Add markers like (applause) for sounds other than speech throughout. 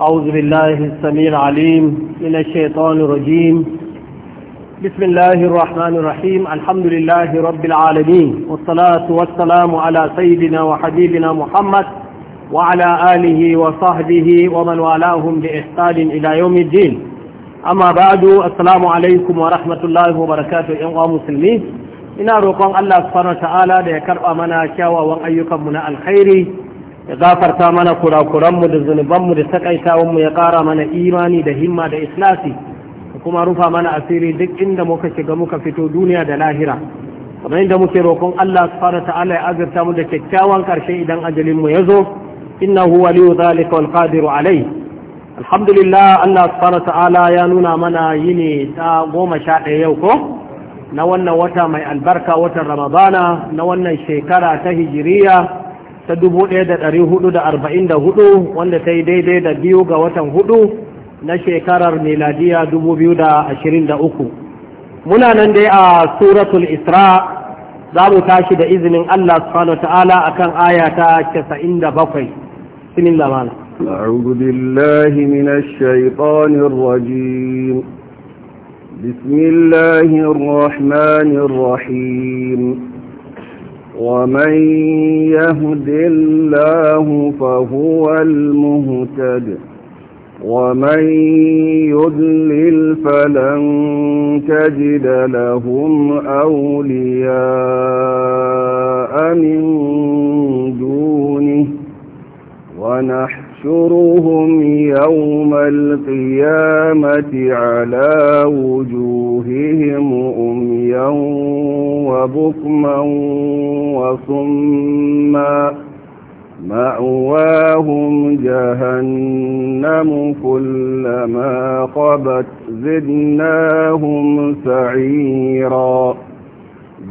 أعوذ بالله السميع العليم من الشيطان الرجيم بسم الله الرحمن الرحيم الحمد لله رب العالمين والصلاة والسلام على سيدنا وحبيبنا محمد وعلى آله وصحبه ومن والاهم بإحسان إلى يوم الدين أما بعد السلام عليكم ورحمة الله وبركاته أيها المسلمين إن roƙon الله سبحانه وتعالى ليكرم منا شاوى mana kyawawan ayyukanmu ya gafarta mana kurakuranmu da zunubanmu da takaitawanmu ya ƙara mana imani da himma da islasi da kuma rufa mana asiri duk inda muka shiga muka fito duniya da lahira kamar inda muke roƙon Allah subhanahu ta'ala ya azurta mu da kyakkyawan karshe idan ajalin mu yazo innahu waliyu zalika wal qadiru alai alhamdulillah Allah subhanahu ta'ala ya nuna mana yini ta goma sha ɗaya yau ko na wannan wata mai albarka watan ramadana na wannan shekara ta hijiriya ta 1444 wanda ta yi daidai da biyu ga watan hudu na shekarar miladiya 2023 muna nan dai a suratul isra za mu tashi da izinin Allah subhanahu ta'ala akan aya ta 97 sinin lamana أعوذ بالله من الشيطان الرجيم بسم الله الرحمن الرحيم ومن يهد الله فهو المهتد ومن يضلل فلن تجد لهم أولياء من دونه ونحن ونحشرهم يوم القيامة على وجوههم أميا وبكما وصما مأواهم جهنم كلما قبت زدناهم سعيرا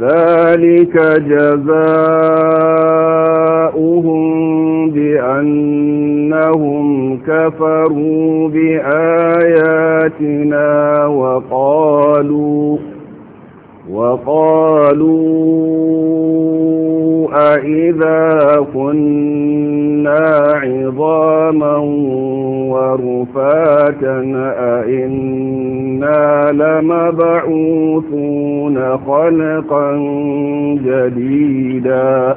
ذلك جزاؤهم نبأهم بأنهم كفروا بآياتنا وقالوا وقالوا أئذا كنا عظاما ورفاتا أئنا لمبعوثون خلقا جديدا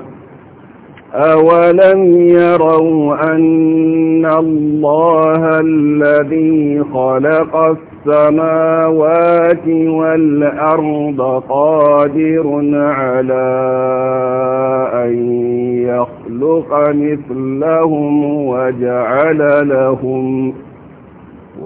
أَوَلَمْ يَرَوْا أَنَّ اللَّهَ الَّذِي خَلَقَ السَّمَاوَاتِ وَالْأَرْضَ قَادِرٌ عَلَى أَن يَخْلُقَ مِثْلَهُمْ وَجَعَلَ لَهُمْ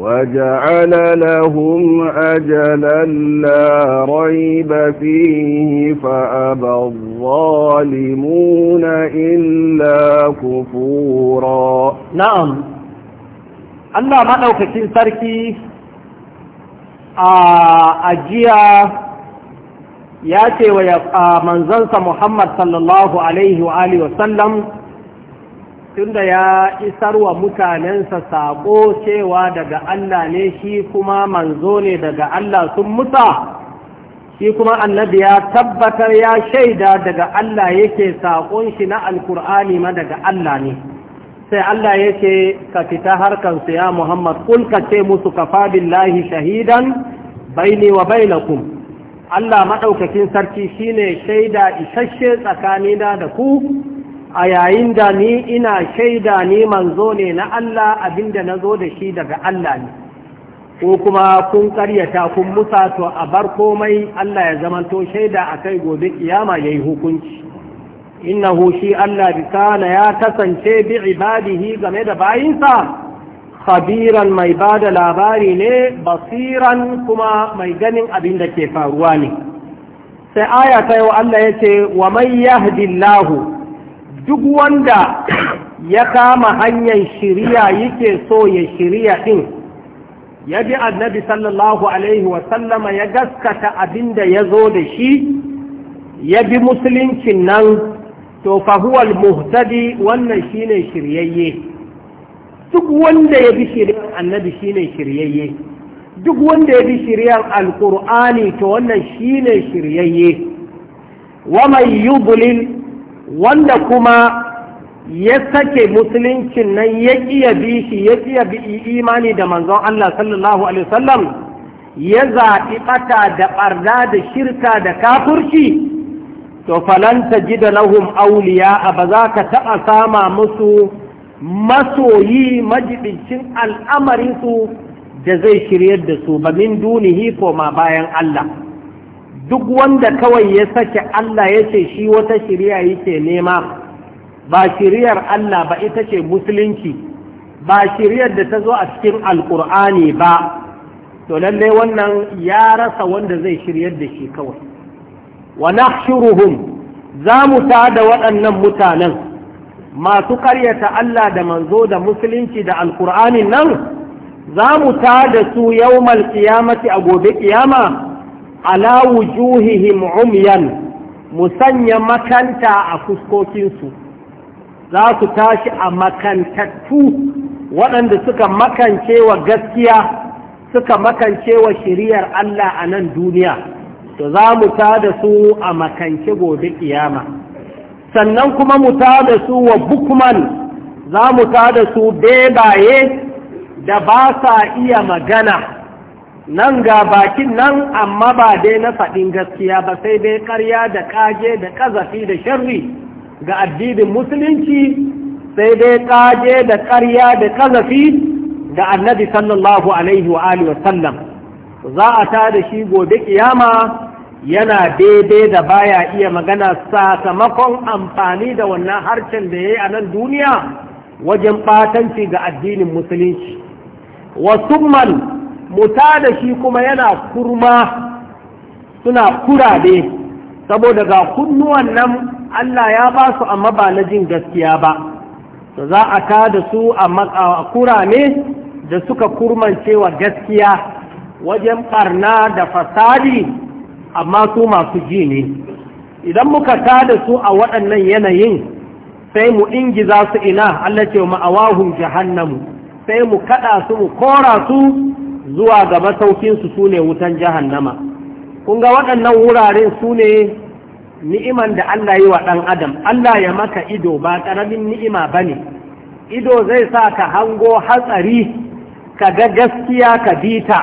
وجعل لهم أجلا لا ريب فيه فأبى الظالمون إلا كفورا نعم أنا ما في تركي آه، أجيا ياتي ويبقى آه، منزلت محمد صلى الله عليه وآله وسلم tunda ya isar wa mutanensa saƙo cewa daga Allah ne shi kuma manzo ne daga Allah sun musa shi kuma annabi ya tabbatar ya shaida daga Allah yake saƙon shi na alkur'ani ma daga Allah ne sai Allah yake ka fita harkansu ya Muhammad kul ka ce musu kafa billahi shahidan baini wa bainakum Allah maɗaukakin sarki shine shaida isasshe tsakanina da ku a yayin da ni ina shaida ni manzo ne na Allah abinda na zo da shi daga Allah ne ko kuma kun karyata kun musa to a bar komai Allah ya zamanto shaida a kai gobe kiyama ya yi hukunci innahu shi Allah bi kana ya kasance bi ibadihi game da bayinsa khabiran mai ba da labari ne basiran kuma mai ganin abin da ke faruwa ne sai aya ta yau Allah ya ce wa mai yahdillahu duk wanda ya kama hanyar shiriya yake so ya shiriya din ya bi annabi sallallahu alaihi wasallama ya gaskata abin da ya zo da shi ya bi musuluncin nan to fahuwal muhtadi wannan shine shiryayye duk wanda ya bi shiryar annabi shine shiryayye duk wanda ya bi shiryan alkur'ani to wannan shine shiryayye wa mai yudlil wanda kuma ya sake musuluncin nan ya iya bi shi ya iya bi imani da manzon Allah sallallahu alaihi wasallam ya zaɓi ɓata da ɓarna da shirka da kafurci to falanta ji da lahum auliya a ba za ka taɓa sama musu masoyi majibincin al'amarinsu da zai shiryar da su ba min dunihi koma bayan Allah. duk wanda kawai ya sake Allah ya ce shi wata shirya yake nema ba shiryar Allah ba ita ce musulunci ba shiryar da ta zo a cikin alkur'ani ba to lalle wannan ya rasa wanda zai shiryar da shi kawai wa nahshuruhum za mu ta da waɗannan mutanen masu karyata Allah da manzo da musulunci da alkur'ani nan za mu ta da su yawmal qiyamati a gobe ƙiyama? ala wujuhihim umyan musanya makanta a fuskokinsu za su tashi a makantattu waɗanda suka makance wa gaskiya suka makance wa shiriyar Allah a nan duniya to za mu ta da su a makance gobe kiyama sannan kuma mu ta da su wa bukman za mu ta da su bebaye da ba sa iya magana nan ga bakin nan amma ba dai na faɗin gaskiya ba sai dai ƙarya da ƙage da ƙazafi da sharri ga addinin musulunci sai dai ƙage da ƙarya da ƙazafi ga annabi sallallahu alaihi wa sallam za a ta da shi gobe kiyama yana daidai da baya iya magana sakamakon amfani da wannan harshen da ya yi a nan duniya wajen ɓatanci ga addinin musulunci wasu man muta da shi kuma yana kurma suna kurabe saboda ga kunnuwan nan Allah ya ba su amma ba na jin gaskiya ba to za a ta da su a kurame da suka kurmance wa gaskiya wajen ɓarna da fasadi amma su masu ji ne idan muka ta da su a waɗannan yanayin sai mu ingiza su ina Allah ce awahun jahannamu sai mu kada su mu kora su zuwa ga masaukinsu su ne wutan jahannama kun ga waɗannan wuraren su ne ni'iman da Allah yi wa ɗan adam Allah ya maka ido ba ƙaramin ni'ima ba ne ido zai sa ka hango hatsari ka ga gaskiya ka bita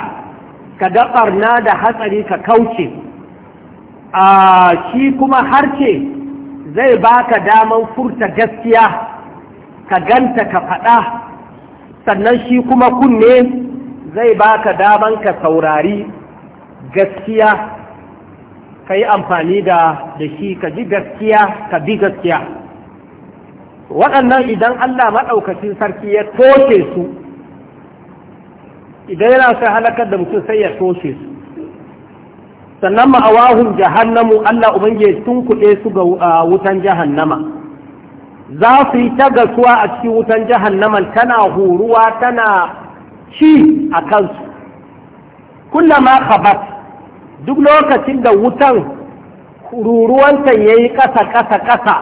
ka ga ɓarna da hatsari ka kauce a shi kuma harce zai baka daman furta gaskiya ka ganta ka faɗa sannan shi kuma kunne zai baka daman ka saurari gaskiya ka yi amfani da shi ka ji gaskiya ka bi gaskiya waɗannan idan Allah maɗaukacin sarki ya toshe su idan yana sai halakar da mutum sai ya toshe su sannan ma'awahun jahannamu Allah ubangiye tun kuɗe su ga wutan jahannama za su yi ta gasuwa a cikin wutan jahannaman tana huruwa tana Shi a kansu ma khabat duk lokacin da wutan ruruwanta ya yi ƙasa ƙasa ƙasa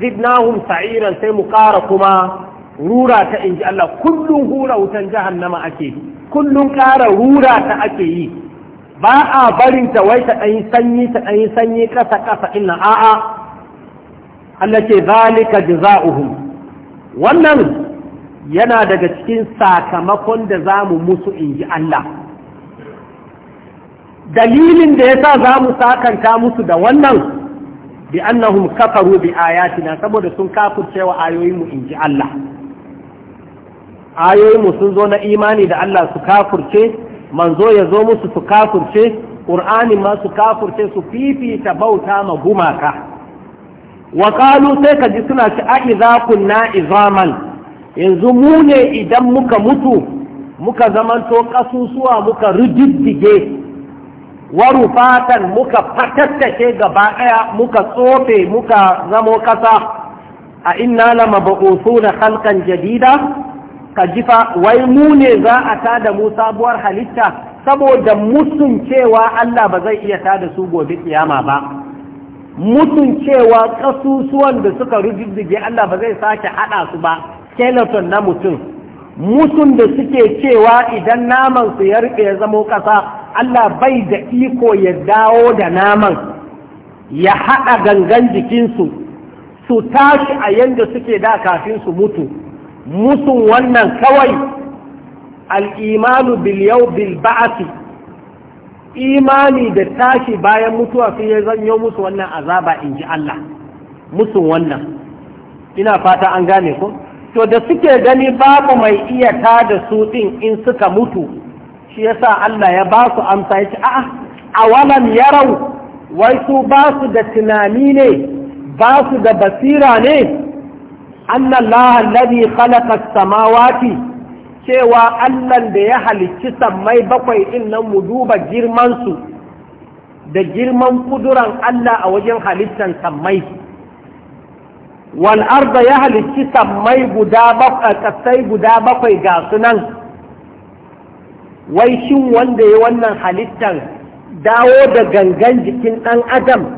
zidnahum sa'iran sai mu ƙara kuma rura ta inji Allah kullum hura wutan jahannama ake yi. kullum ƙara rura ta ake yi ba a barin ta wai ta ɗanyi sanyi ta ɗanyi sanyi ƙasa ƙasa inna a'a Allah ce zalika jaza'uhum wannan yana daga cikin sakamakon da za mu musu in Allah dalilin da ya sa za mu sakanta musu da wannan bi annahum kafaru bi ayatina saboda sun kafurcewa ayoyinmu in ji Allah ayoyinmu sun zo na imani da Allah su kafurce manzo ya zo musu su kafurce ƙur'anin ma su kafurce su fifita bauta ma gumaka wa sai ka ji suna ci a iza kunna izaman yanzu mu ne idan muka mutu muka zamanto ƙasusuwa muka rididdige fatan muka fatattake gaba ɗaya muka tsofe muka zamo ƙasa a inna lama ba'usu na halkan jadida ka jifa wai mu ne za a tada mu sabuwar halitta saboda mutuncewa cewa Allah ba zai iya tada su gobe kiyama ba mutuncewa cewa ƙasusuwan da suka rididdige Allah ba zai sake haɗa su ba skeleton na mutum mutum da suke cewa idan naman su ya rike ya zamo ƙasa Allah bai da iko ya dawo da naman ya haɗa gangan jikinsu su tashi a yadda suke da kafin su mutu musun wannan kawai al'imanu biliyau ba'asi imani da tashi bayan mutuwa sun ya zanyo musu wannan azaba in ji Allah musun wannan ina fata an gane ku to da suke gani babu mai iya ta da su ɗin in suka mutu shi yasa Allah ya ba su amsa yace a'a a walam yarau wai su ba su da tunani ne ba su da basira ne annan lahallabi khalaqa samawati cewa Allah da ya halicci sammai bakwai ɗin nan mu duba su da girman kuduran Allah a wajen halittar sammai. wal arda ya halicci sammai guda bakwai kasai guda bakwai ga sunan wai shin wanda ya wannan halittan dawo da gangan jikin ɗan adam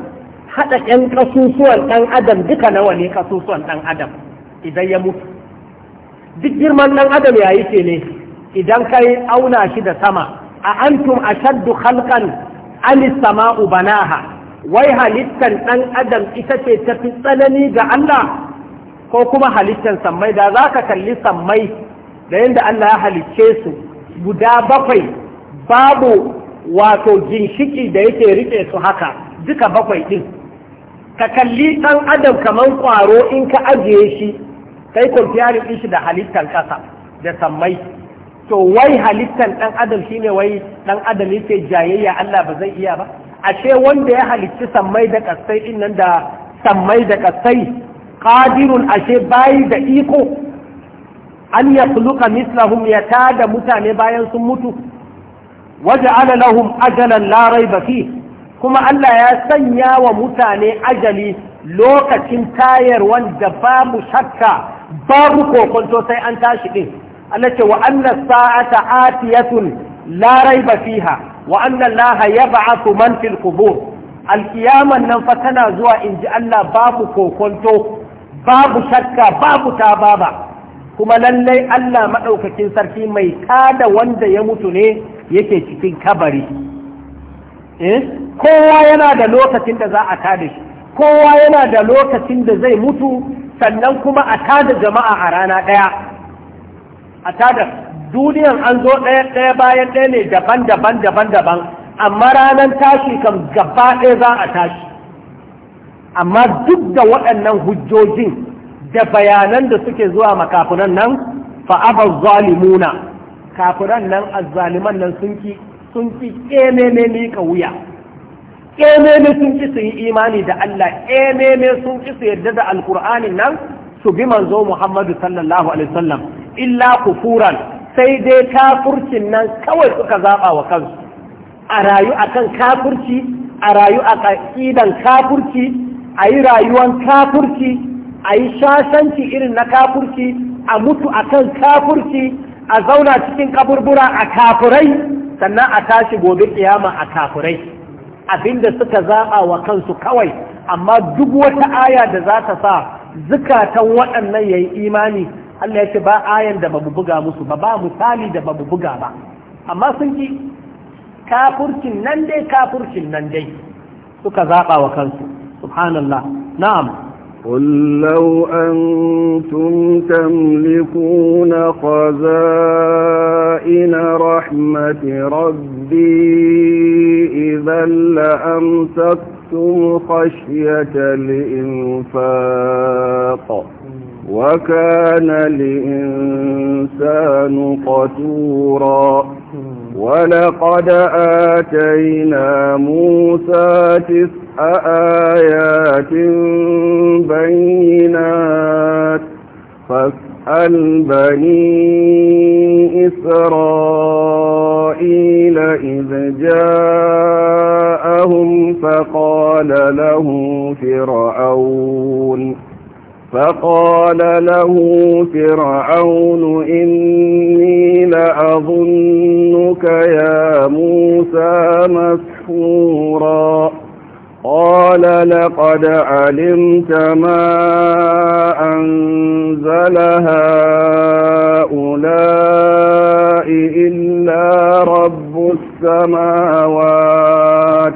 haɗa ƴan kasusuwan ɗan adam duka nawa ne kasusuwan ɗan adam idan ya mutu duk girman ɗan adam ya yi ce ne idan ka auna shi da sama a antum ashaddu khalqan ali sama'u banaha wai halittan ɗan adam ita ce ta fi tsanani ga Allah ko kuma halittan sammai da za ka kalli sammai da yadda Allah ya halicce su guda bakwai babu wato ginshiki da yake rike su haka duka bakwai ɗin ka kalli ɗan adam kamar ƙwaro in ka ajiye shi kai kwamfiyarin ɗin shi da halittar ƙasa da sammai to wai halittan ɗan adam shine wai ɗan adam yake jayayya Allah ba zai iya ba ashe wanda ya halicci sammai da kasai din nan da sammai da kasai qadirun ashe bai da iko an yakhluqa mislahum ya tada mutane bayan sun mutu waja'ala lahum ajalan la raiba fi kuma Allah ya sanya wa mutane ajali lokacin tayar wanda babu shakka babu kokonto sai an tashi din Allah ce wa anna sa'ata atiyatun la raiba fiha wa anna allaha yab'athu man fil qubur nan fa tana zuwa inji Allah babu kokonto babu shakka babu tababa kuma lallai Allah madaukakin sarki mai kada wanda ya mutu ne yake cikin kabari kowa yana da lokacin da za a tada shi kowa yana da lokacin da zai mutu sannan kuma a tada jama'a a rana daya a tada duniyan an zo ɗaya ɗaya bayan ɗaya ne daban daban daban daban amma ranar tashi kam gaba ɗaya za a tashi amma duk da waɗannan hujjojin da bayanan da suke zuwa makafunan nan fa'abar zalimuna kafunan nan zaliman nan sun ki sun ki ƙememe wuya ƙememe sun ki su yi imani da Allah ƙememe sun ki su yarda da alƙur'anin nan su bi manzo Muhammadu sallallahu alaihi wasallam illa kufuran sai dai kafurcin nan kawai suka zaɓa wa kansu a rayu a kan kafurci a rayu a ƙidan kafurci a yi rayuwan kafurci a yi shashanci irin na kafurci a mutu a kan kafurci a zauna cikin kaburbura a kafurai sannan a tashi gobe kiyama a kafurai abinda suka zaɓa wa kansu kawai amma duk wata aya da za ta sa zukatan waɗannan ya yi imani Allah ya ce ba ayan da mu buga musu ba ba misali da babu buga ba amma sun ji kafurcin nan dai kafurcin nan dai suka zaɓa wa kansu subhanallah na'am قل لو أنتم تملكون خزائن رحمة ربي إذا لأمسكتم خشية الإنفاق وكان الإنسان قتورا ولقد آتينا موسى تسع آيات بينات فاسأل بني إسرائيل إذ جاءهم فقال له فرعون فقال له فرعون إني لأظنك يا موسى مسحورا قال لقد علمت ما أنزل هؤلاء إلا رب السماوات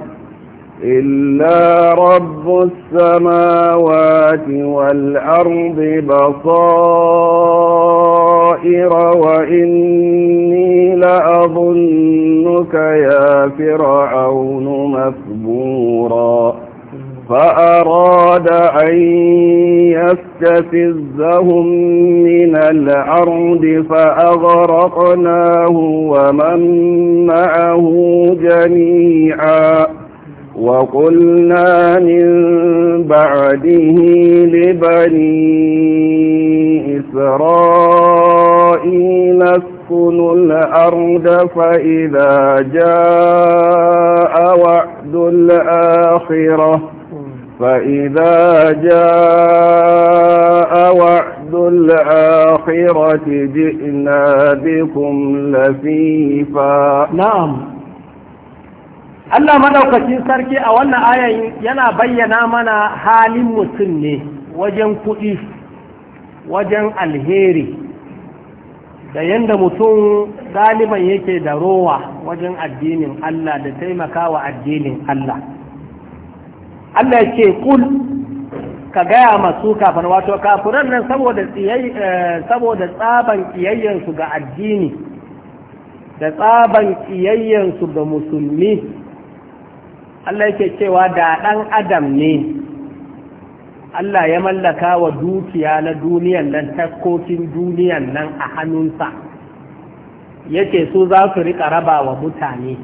إلا رَبُّ السَّمَاوَاتِ وَالْأَرْضِ بَصَائِرَ وَإِنِّي لَأَظُنُّكَ يَا فِرْعَوْنُ مَثْبُورًا فأراد أن يستفزهم من الأرض فأغرقناه ومن معه جميعا وقلنا من بعده لبني إسرائيل اسكنوا الأرض فإذا جاء وعد الآخرة فإذا جاء وعد الآخرة جئنا بكم لفيفا نعم Allah madaukakin sarki a wannan ayayi yana bayyana mana halin mutum ne wajen kuɗi wajen alheri da yadda mutum galiban yake da rowa wajen addinin Allah da taimakawa addinin Allah Allah kul ka gaya masu kafin wato kafiran nan saboda eh, tsaban iyayensu ga addini da tsaban iyayensu ga musulmi Allah yake cewa da ɗan adam ne Allah ya mallaka wa dukiya na duniyan nan taskokin duniyan nan a hannunsa yake so za su riƙa raba wa mutane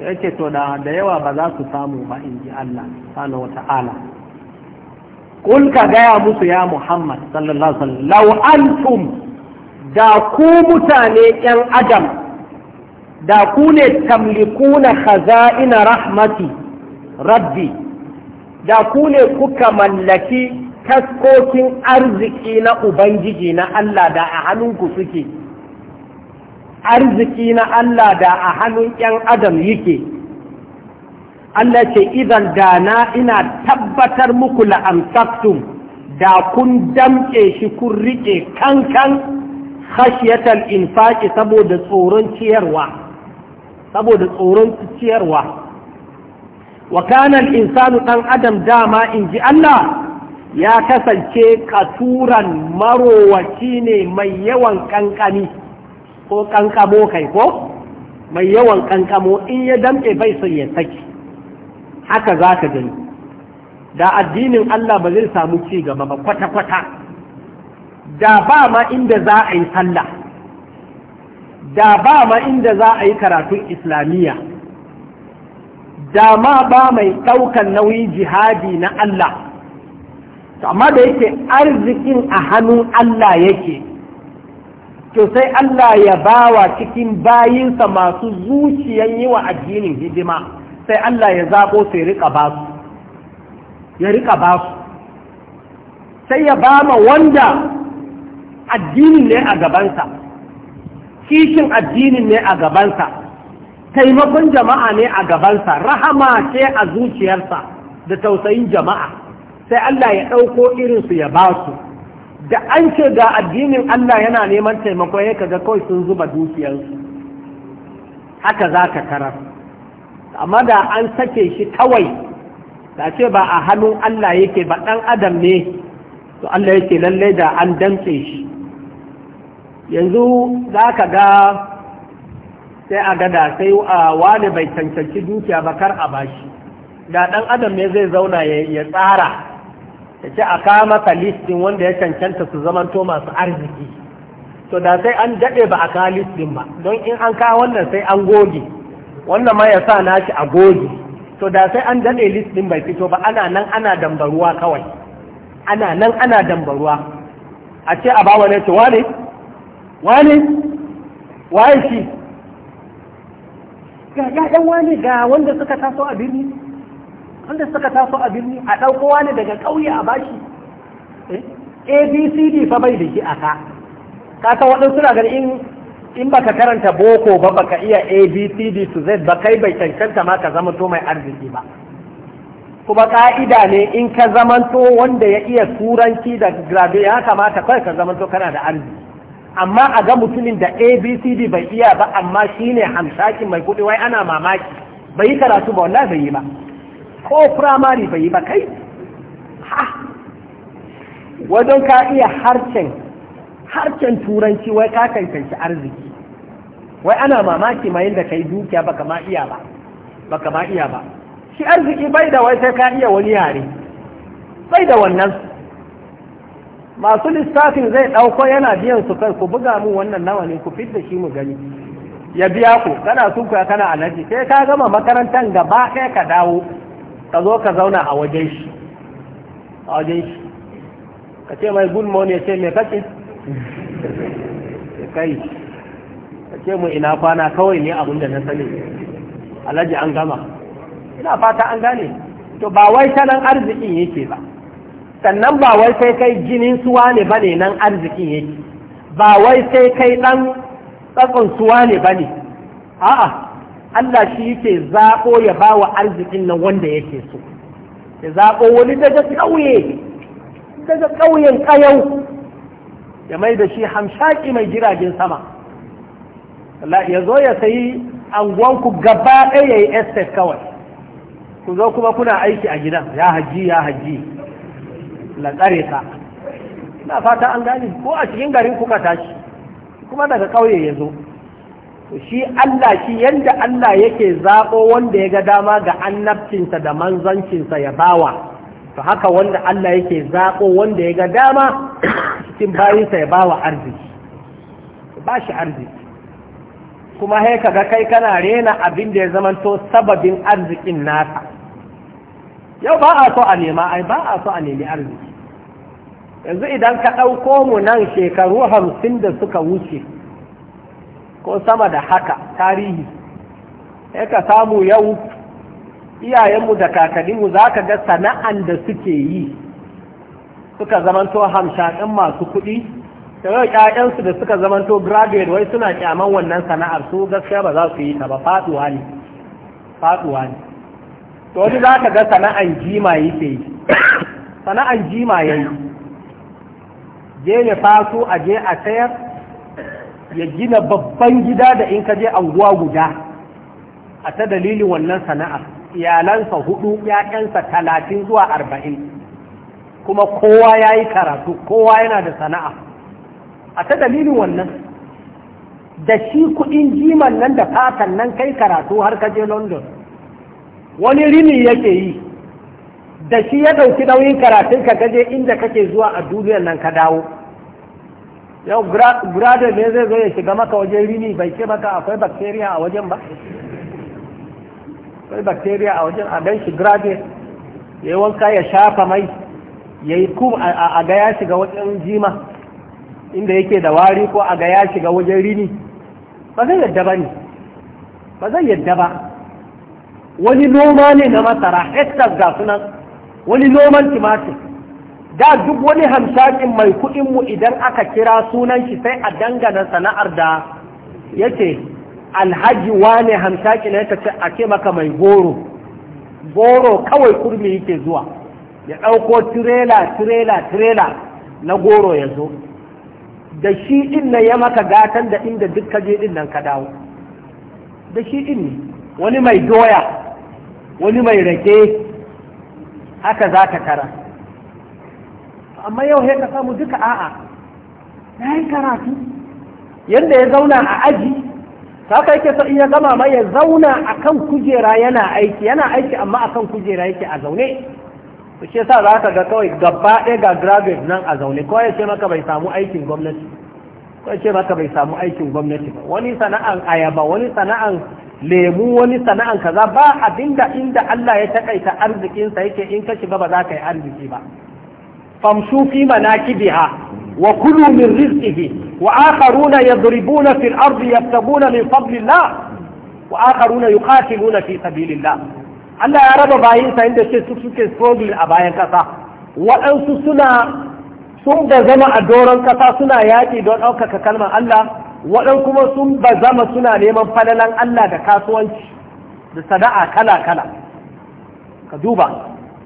yake to da yawa ba za su samu ba in ji Allah sanu wa ta'ala ka gaya musu ya Muhammad sallallahu Alaihi wasallam lau antum da ku mutane ‘yan Adam’ da ku ne tamlikuna khaza'ina rahmati rabbi da ku ne kuka mallaki taskokin arziki na ubangiji na Allah da a hannunku suke arziki na Allah da a hannun ‘yan adam yake Allah ce idan da na ina tabbatar muku la'amtaktum da kun damke shi kun riƙe kankan khashiyatal infaqi saboda tsoron ciyarwa saboda tsoron ciyarwa wa kana insanu ɗan adam dama in ji Allah ya kasance katuran marowaci ne mai yawan kankani ko kankamo kai ko mai yawan kankamo in ya damɗe bai son ya saki haka za ka gani da addinin Allah ba zai samu ci gaba ba kwata-kwata da ba ma inda za a yi sallah da ba ma inda za a yi karatun islamiyya da ma ba mai ɗaukan nauyin jihadi na Allah amma da yake arzikin a hannu Allah yake to sai Allah ya bawa cikin bayinsa masu zuciyan yi wa addinin hidima sai Allah ya zaɓo sai riƙa ba su ya riƙa ba su sai ya ba ma wanda addinin ne a gabansa kishin addinin ne a gabansa taimakon jama'a ne a gabansa rahama ce a zuciyarsa da tausayin jama'a sai Allah ya ɗauko irinsu ya ba su da an ce ga addinin Allah yana neman taimakon ya kaga kawai sun zuba dukiyarsu haka za ka karar amma da an sake shi kawai da ce ba a hannun Allah yake ba ɗan adam ne to Allah yake lallai da an damce shi yanzu za ka ga sai a gada sai a wani bai cancanci dukiya ba kar a bashi da ɗan adam ne zai zauna ya tsara ya ce a kama ka listin wanda ya cancanta su zamanto masu arziki to da sai an daɗe ba a kawo listin ba don in an kawo wannan sai an goge wannan ma ya sa shi a goge to da sai an daɗe listin bai fito ba ana nan ana dambaruwa kawai ana nan ana dambaruwa a ce a bawa ne to wani. wani waye shi ga wani ga wanda suka taso a birni wanda suka taso a birni a ɗauko wani daga ƙauye a bashi eh, abcd fa bai da shi a ka waɗansu na gani in baka karanta boko ba baka iya abcd to z ba kai bai cancanta ma ka zama to mai arziki ba kuma ka'ida ne in ka zamanto wanda ya iya turanci da grabe ya kamata kawai ka zamanto kana da arziki amma a ga mutumin da abcd bai iya ba amma shine hamshakin mai kuɗi wai ana mamaki bai yi karatu ba wannan bai yi ba ko firamare bai yi ba kai ha wajen ka iya harcen harcen turanci wai ka kankanci arziki wai ana mamaki da yadda kai dukiya baka ma iya ba baka ma iya ba shi arziki bai da wai sai ka iya wani yare bai da wannan masu lissafin zai ɗauko yana biyan su kai ku buga mu wannan nawa ne ku fidda shi mu gani ya biya ku kana kuwa kana alaji sai ka gama makarantar gaba ɗaya ka dawo ka zo ka zauna a wajen shi a wajen shi ka ce mai good morning ya ce kaci. Ya (laughs) kai ka ce mu ina kwana kawai ne abin da na sani alaji an gama ina fata an gane to ba wai tanan arzikin yake ba sannan ba wai sai kai jinin suwa ne ba ne nan arzikin yake ba wai sai kai ɗan tsakon suwa ne ba ne a'a Allah shi yake zaɓo ya ba wa arzikin nan wanda yake so ya zaɓo wani daga ƙauye daga ƙauyen ƙayau ya mai da shi hamshaki mai jiragen sama ya zo ya sayi anguwanku gaba ɗaya ya yi estate kawai ku zo kuma kuna aiki a gidan ya hajji, ya hajji. la tsare ka na fata an gani ko a cikin garin kuka tashi kuma daga ƙauye ya zo shi Allah shi yadda Allah yake zaɓo wanda ya ga dama ga annabcinsa da manzancinsa ya bawa to haka wanda Allah yake zaɓo wanda ya ga dama cikin bayinsa ya bawa arziki ba shi arziki kuma haika ga kai kana rena abin da ya zamanto sababin arzikin nasa yau ba a so a nema ai ba a so a nemi arziki yanzu idan ka ɗauko mu nan shekaru hamsin da suka wuce ko sama da haka tarihi sai ka samu yau iyayenmu da kakanninmu za ka ga sana'an da suke yi suka zamanto hamshaƙin masu kuɗi da yau ƴaƴansu da suka zamanto graduate wai suna kyaman wannan sana'ar su gaskiya ba za su yi ta ba faɗuwa ne faɗuwa ne to wani za ka ga sana'an jima yake yi sana'an jima ya yi je ya faso a je a sayar ya gina babban gida da in ka je anguwa guda a ta dalilin wannan sana'ar iyalansa hudu ‘ya'yansa talatin zuwa arba'in kuma kowa ya yi karatu kowa yana da sana'a a ta dalilin wannan da shi kudin jiman nan da fatan nan kai karatu har ka je london wani rini yake yi da shi ya ɗauki nauyin karatun ka gaje inda kake zuwa a duniyar nan ka dawo yau brother ne zai zo ya shiga maka wajen rini bai ce maka akwai bacteria a wajen ba akwai bacteria a wajen a dan shi graduate ya yi wanka ya shafa mai ya yi kum a ga ya shiga wajen jima inda yake da wari ko a ga ya shiga wajen rini ba zai yadda ba ne ba zai yadda ba wani noma ne na masara hektar ga sunan wani noman timatir da duk wani hamshakin mai kuɗinmu idan aka kira sunan shi sai a dangana sana'ar da yake alhaji wane hamshakin na yake a ce maka mai goro goro kawai kurmi yake zuwa ya ɗauko tirela tirela tirela na goro ya zo da shi in na ya maka gatan da inda duk kaje ɗin nan ka dawo da shi in ne wani mai doya wani mai rake haka za ka kara amma yau sai ka samu duka a'a ya yi karatu yadda ya zauna a aji kaka yake so ya gama mai ya zauna a kan kujera yana aiki yana aiki amma a kan kujera yake a zaune to shi za ka ga kawai gaba ɗaya ga graduate nan a zaune ko ya ce maka bai samu aikin gwamnati ko ya ce maka bai samu aikin gwamnati ba wani sana'an ayaba wani sana'an lemu wani sana'an kaza ba abinda inda Allah ya takaita arzikinsa yake in ka shiga ba za ka yi arziki ba famshu fi manakibiha wa kulu min rizqihi wa akharuna yadribuna fil ardi yabtaguna min fadlillah wa akharuna yuqatiluna fi sabilillah Allah ya raba bayinsa inda ce su suke struggle a bayan kasa waɗansu suna sun da zama a doron kasa suna yaƙi don ɗaukaka kalmar Allah waɗan kuma sun zama suna neman falalan Allah da kasuwanci da sana'a kala-kala ka duba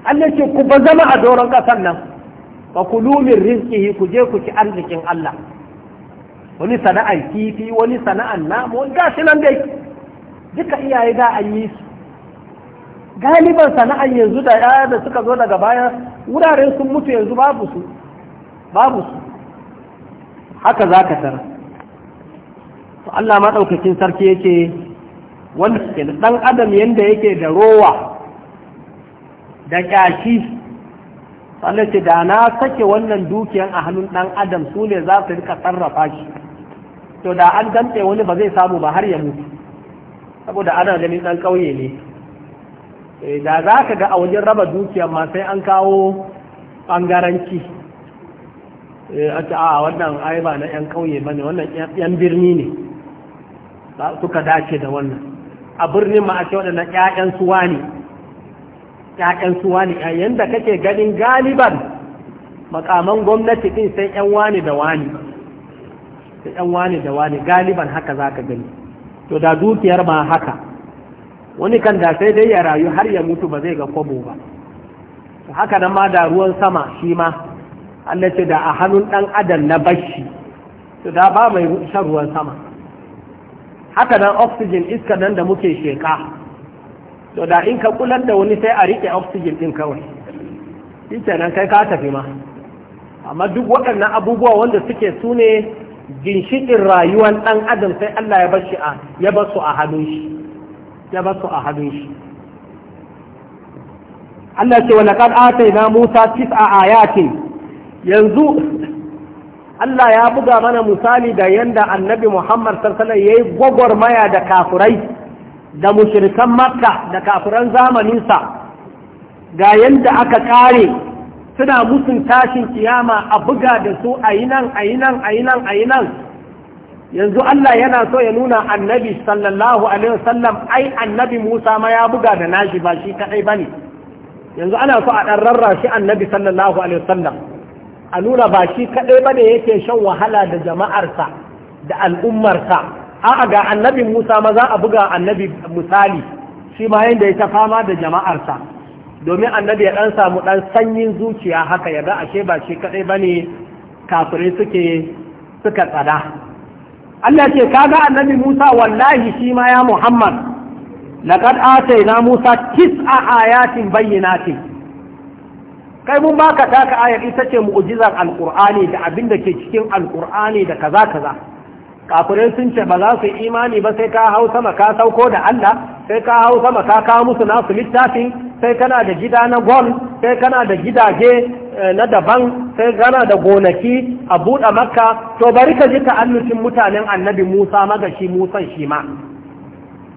Allah ce ku ba zama a doron ƙasar nan ba ku lumin rizkihi ku je ku ci arzikin Allah wani sana'ar kifi wani sana'ar namu wani gashi nan dai duka iyaye da an yi su galiban sana'a yanzu da yaya da suka zo daga baya wuraren sun mutu yanzu babu su babu su haka za ka tara Allah maɗaukakin sarki yake wanda ɗan adam yadda yake da rowa da ƙyashi sannan ce da na sake wannan dukiyan a hannun ɗan adam su ne za su rika sarrafa shi to da an damtse wani ba zai samu ba har ya mutu saboda ana ganin ɗan ƙauye ne eh, da za ka ga a wajen raba dukiyan ma sai an kawo ɓangaranci eh, a wannan ai ba na 'yan ƙauye ba ne wannan 'yan birni ne suka dace da wannan a birnin ma a ce waɗannan ƴaƴan suwa ne ƴaƴan suwa ne yayin da kake ganin galiban makaman gwamnati ɗin sai yan wani da wani sai yan wani da wani galiban haka za ka gani to da dukiyar ma haka wani kan da sai dai ya rayu har ya mutu ba zai ga kwabo ba to haka nan ma da ruwan sama shi ma Allah ce da a hannun ɗan adam na bashi to da ba mai shan ruwan sama haka nan oxygen iska nan da muke sheka to da in ka kular da wani sai a rike oxygen din kawai ita nan kai ka tafi ma amma duk waɗannan abubuwa wanda suke su ne ginshiƙin rayuwar ɗan adam sai Allah ya bar shi a ya bar su a hannun shi ya bar su a hannun shi Allah ce wa laqad atayna Musa tis'a ayatin yanzu Allah ya buga mana misali da yanda annabi Muhammad sallallahu ya yayi gwagwarmaya da kafurai da mushrikan Makka da kafuran zamaninsa ga yanda aka kare suna musun tashin kiyama a buga da su yi nan yi nan yi nan yi nan yanzu Allah yana so ya nuna annabi sallallahu alaihi wasallam ai annabi Musa ma ya buga da nashi ba shi kadai bane yanzu ana so a rarra rarrashi annabi sallallahu alaihi wasallam a nuna ba shi kaɗai ba da yake shan wahala da jama'arsa da al'ummarsa a'a ga annabin musa ma za a buga annabi misali shi ma yadda ya ta fama da jama'arsa domin annabi ya ɗan samu ɗan sanyin zuciya haka ya ga ashe ba shi kaɗai ba ne kafirai suke suka tsada Allah ce ka ga annabi Musa wallahi shi ma ya Muhammad laqad atayna Musa tis'a ayatin bayyinatin sai mun baka taka ayar ita ce mu'jizar alqur'ani da abin da ke cikin alqur'ani da kaza kaza kafirai sun ce ba za su yi imani ba sai ka hau sama ka sauko da Allah sai ka hau sama ka kawo musu nasu littafin sai kana da gida na gol sai kana da gidaje eh, na daban sai kana da gonaki a buɗe makka to bari ka ji annucin mutanen annabi musa magashi musan shi ma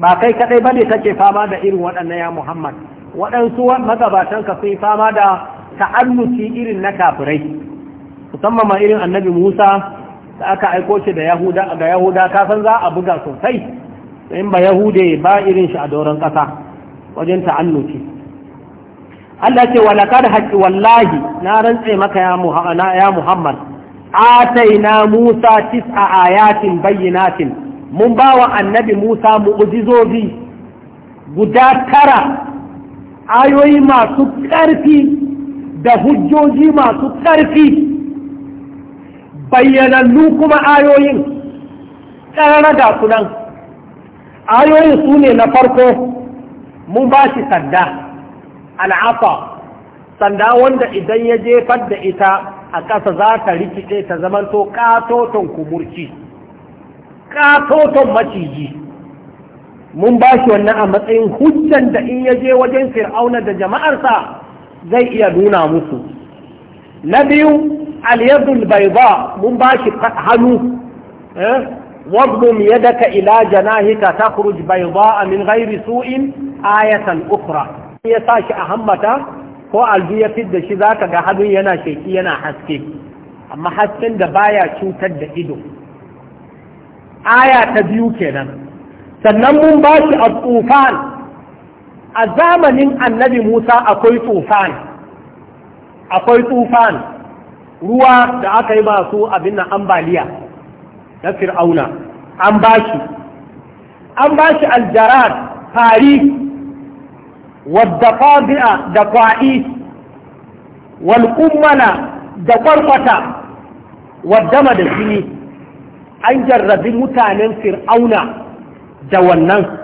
ba kai kadai bane ne kake fama da irin waɗannan ya muhammad waɗansu magabatanka sun yi fama da ta'annuci irin na kafirai musamman ma irin annabi Musa da aka aiko shi da Yahuda ga Yahuda ka san za a buga sosai in ba Yahude ba irin shi a doron kasa wajen ta'annuci Allah ce walaqad haqqi wallahi na rantse maka ya Muhammad ya Muhammad ataina Musa tis'a ayatin bayyinatin mun bawa annabi Musa mu'jizozi guda tara ayoyi masu ƙarfi da hujjoji masu ƙarfi bayyanannu kuma ayoyin da ga nan. ayoyin su ne na farko mun ba shi sanda al'afa sanda wanda idan ya jefar da ita a ƙasa za ta rikice ta zamanto ƙatoton kumurci ƙatoton maciji mun ba shi wannan a matsayin hujjan da in ya je wajen fir'auna da jama'arsa zai iya nuna musu na biyu aliyadul baiba mun ba shi hannu واضم يدك إلى جناهك تخرج بيضاء من غير ya sa shi a hammata ko albu ya fidda shi za ga hannun yana sheki yana haske amma hasken da baya cutar da ido aya ta biyu kenan sannan mun ba shi a tsufan a zamanin annabi Musa akwai tufan akwai tufan ruwa da aka yi masu abin nan ambaliya na fir'auna an shi. an shi Aljarar fari wadda fadi'a da kwa'i walƙummala da kwarkwata waddama da jini an jarrabi mutanen fir'auna da wannan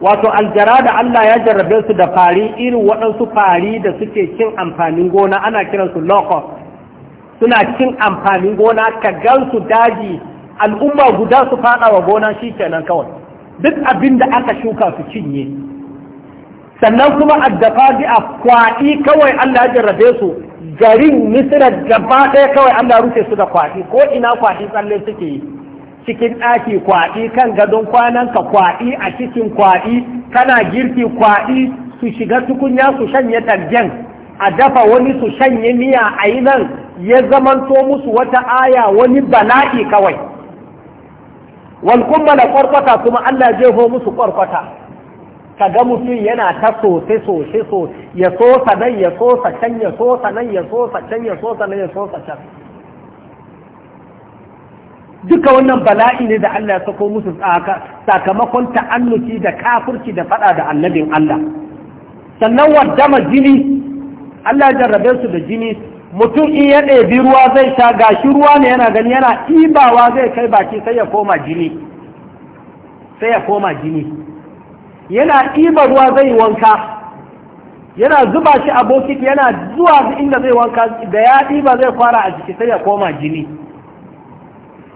wato aljara da Allah ya jarrabe su da fari irin waɗansu fari da suke cin amfanin gona ana kiransu lokos suna cin amfanin gona ka gansu daji al'umma guda su faɗawa gona shi kenan kawai duk abin da aka shuka su cinye sannan kuma addafa a kwaɗi kawai Allah ya jarrabe su garin misira gaba ɗaya kawai Allah ya rufe su da kwaɗi ko ina kwaɗi tsalle suke yi cikin ɗaki kwaɗi kan gadon kwananka kwaɗi a cikin kwaɗi kana girki kwaɗi su shiga tukunya su shanye ɗargen a dafa wani su shanye miya a yi nan ya zamanto musu wata aya wani bala'i kawai wal kummala kwarkwata kuma Allah zai ho musu kwarkwata? ka ga mutum yana ta sose sose so ya sosa nan ya sosa can ya sosa nan ya sosa can ya sosa nan ya sosa can duka wannan bala'i ne da Allah ya sako musu sakamakon ta'annuki da kafurci da fada da annabin Allah sannan waddama jini Allah ya jarrabe su da jini mutum in ya ɗebi ruwa zai sha gashi ruwa ne yana gani yana ibawa zai kai baki sai ya koma jini sai ya koma jini yana iba ruwa zai wanka yana zuba shi a bokiti yana zuwa inda zai wanka da ya ɗiba zai fara a jiki sai ya koma jini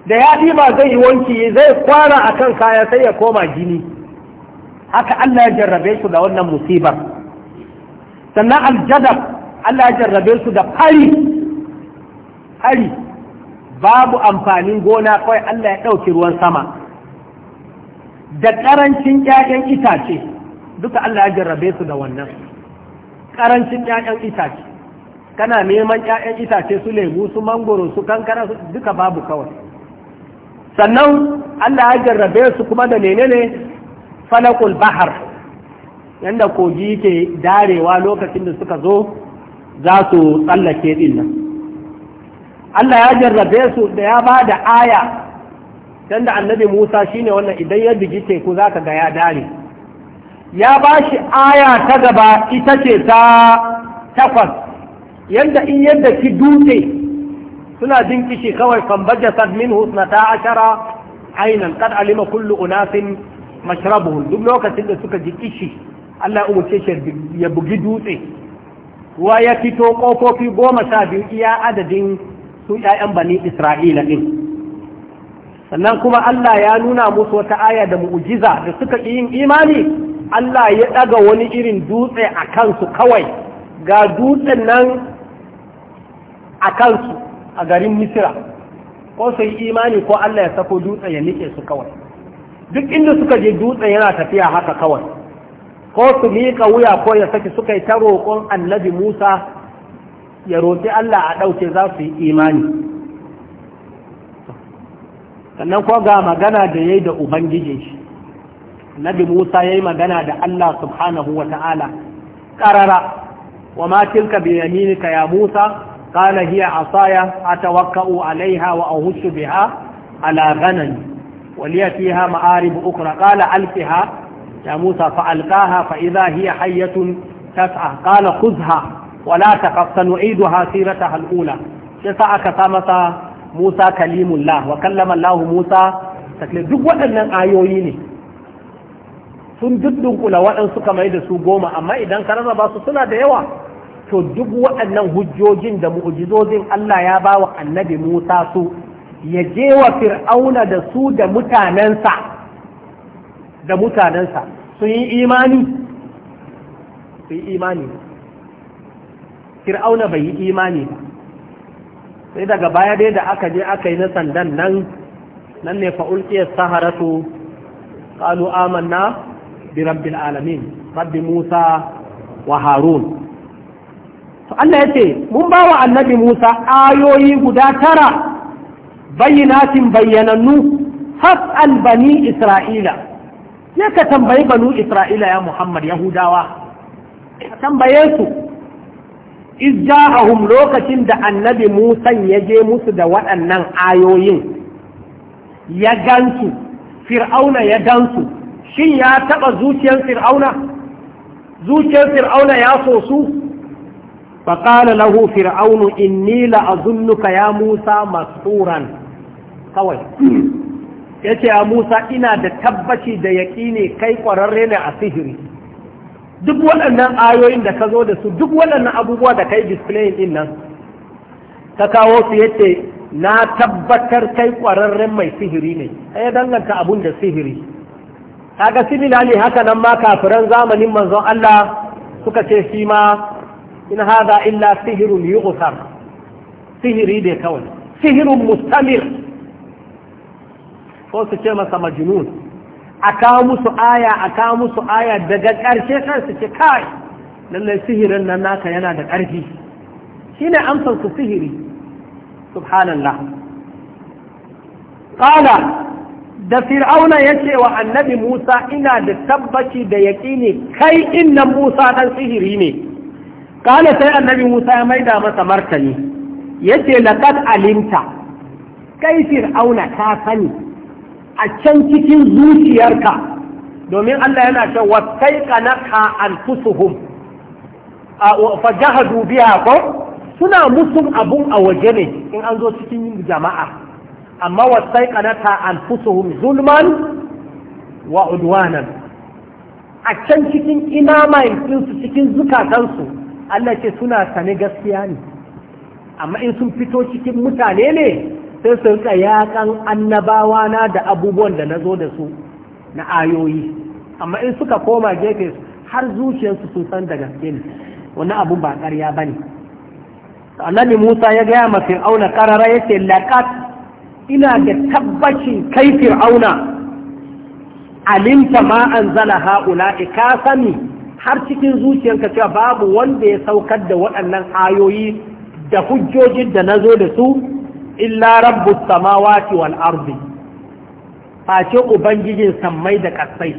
da ya ba zai yi wanki zai kwana a kan kaya sai ya koma jini haka Allah ya jarrabe su da wannan musibar sannan aljadab Allah ya jarrabe su da fari fari babu amfanin gona kawai Allah ya ɗauki ruwan sama da ƙarancin ƴaƴan itace duka Allah ya jarrabe su da wannan ƙarancin ƴaƴan itace kana neman ƴaƴan itace su lemu su mangoro su kankara duka babu kawai sannan Allah ya jarrabe su kuma da menene falakul bahar yanda kogi ke darewa lokacin da suka zo za su tsallake din nan Allah ya jarrabe su da ya ba da aya dan annabi Musa shine wannan idan ya bigi teku zaka ga ya dare ya ba shi aya ta gaba ita ce ta takwas Yadda in yadda ki dutse suna jin kishi kawai fambajasat minhu ta ashara ainan kad alima kullu unasin mashrabuhum duk lokacin da suka ji kishi Allah shi ya bugi dutse ruwa ya fito kofofi goma sha biyu iya adadin su ƴaƴan bani Isra'ila din sannan kuma Allah ya nuna musu wata aya da mu'jiza da suka yin imani Allah ya daga wani irin dutse a kansu kawai ga dutsen nan a kansu a garin misira ko su imani ko Allah ya sako dutse ya nike su kawai duk inda suka je dutse yana tafiya haka kawai ko su miƙa wuya ko ya saki suka yi ta roƙon annabi Musa ya roƙi Allah a ɗauke za su yi imani sannan ko ga magana da ya yi da Ubangijin shi annabi Musa ya yi magana da Allah subhanahu wa ta'ala ƙarara wa ma tilka bi yaminika ya Musa قال هي عصايا أتوكأ عليها وأهش بها على غنم ولي فيها مآرب أخرى قال ألقها يا موسى فألقاها فإذا هي حية تسعى قال خذها ولا تخف سنعيدها سيرتها الأولى شسع كسامة موسى كليم الله وكلم الله موسى تكلم duk waɗannan ayoyi ne sun duk dunkula waɗansu kamar da su goma amma idan ka rarraba su suna da yawa to duk waɗannan hujjojin da mu'ujizojin Allah ya ba wa annabi Musa su ya je wa fir'auna da su da mutanensa da mutanensa sun yi imani sun yi imani fir'auna bai yi imani ba sai daga baya dai da aka je aka yi na sandan nan nan ne fa'ulƙiyar saharatu ƙalu amanna bi rabbil alamin rabbi musa wa harun to Allah ya ce mun ba wa annabi Musa ayoyi guda tara bayyanatin bayyanannu fas'al bani Isra'ila ya ka tambayi banu Isra'ila ya Muhammad Yahudawa ka tambaye su izja'ahum lokacin da annabi Musa ya je musu da waɗannan ayoyin ya gansu fir'auna ya gansu shin ya taɓa zuciyar fir'auna zuciyar fir'auna ya so su faƙala lahu fir'aunu inni la'azunnuka ya musa masuran kawai ya ce a musa ina da tabbaci da yaƙi kai ƙwararre ne a sihiri duk waɗannan ayoyin da ka zo da su duk waɗannan abubuwa da kai displayin ɗin nan ka kawo su ya na tabbatar kai ƙwararren mai sihiri ne ya danganta abun da sihiri kaga similali haka nan ma kafiran zamanin manzon Allah suka ce shi ma in hada illa sihirun yughsar sihiri dai kawai sihirun mustamir ko su ce masa majnun a kawo musu aya a kawo musu aya daga ƙarshe kan su ce kai lallai sihirin nan naka yana da ƙarfi Shi ne amsar su sihiri subhanallah qala da fir'auna ya ce wa annabi musa ina da tabbaci da yaƙini kai innan musa ɗan sihiri ne kala sai annabi Musa ya maida masa martani yace laqad alimta kai fir'auna ka sani a can cikin zuciyarka domin Allah yana cewa wasaiqanaka anfusuhum fa fajahadu biha ko suna musun abun a waje ne in an zo cikin jama'a amma wasaiqanaka anfusuhum zulman wa udwanan a can cikin imamain cikin zukatansu Allah ce suna sane gaskiya ne amma in sun fito cikin mutane ne sai su rika yakan annabawa na da abubuwan da na zo da su na ayoyi amma in suka koma gefe har zuciyarsu sun san da gaske ne wani abu ba ƙarya ba ne annabi musa ya gaya ma fir'auna karara ya ce laƙat ina da tabbacin kai fir'auna alimta ma an zala ha'ula'i ka sani har cikin zuciyarka cewa babu wanda ya saukar da waɗannan ayoyi da hujjojin da na zo da su illa rabbu samawati wal ardi face ubangijin sammai da kasai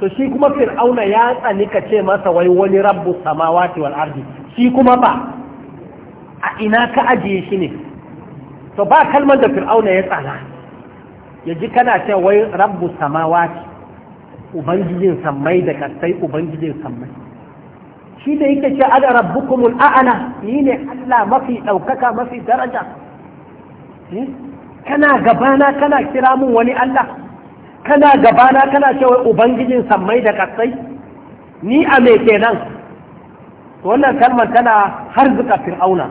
to shi kuma fir'auna ya tsani ka ce masa wai wani rabbu samawati wal ardi shi kuma ba a ina ka ajiye shi ne to ba kalmar da fir'auna ya tsana ya ji kana ce wai rabbu samawati ubangijin sammai da kasai ubangijin sammai shi da yake ce ana rabbukumul a'ana ni ne Allah mafi ɗaukaka mafi daraja eh? kana gabana kana kira mun wani Allah kana gabana kana cewa ubangijin sammai da kasai ni a me kenan wannan kalmar tana har harzuka fir'auna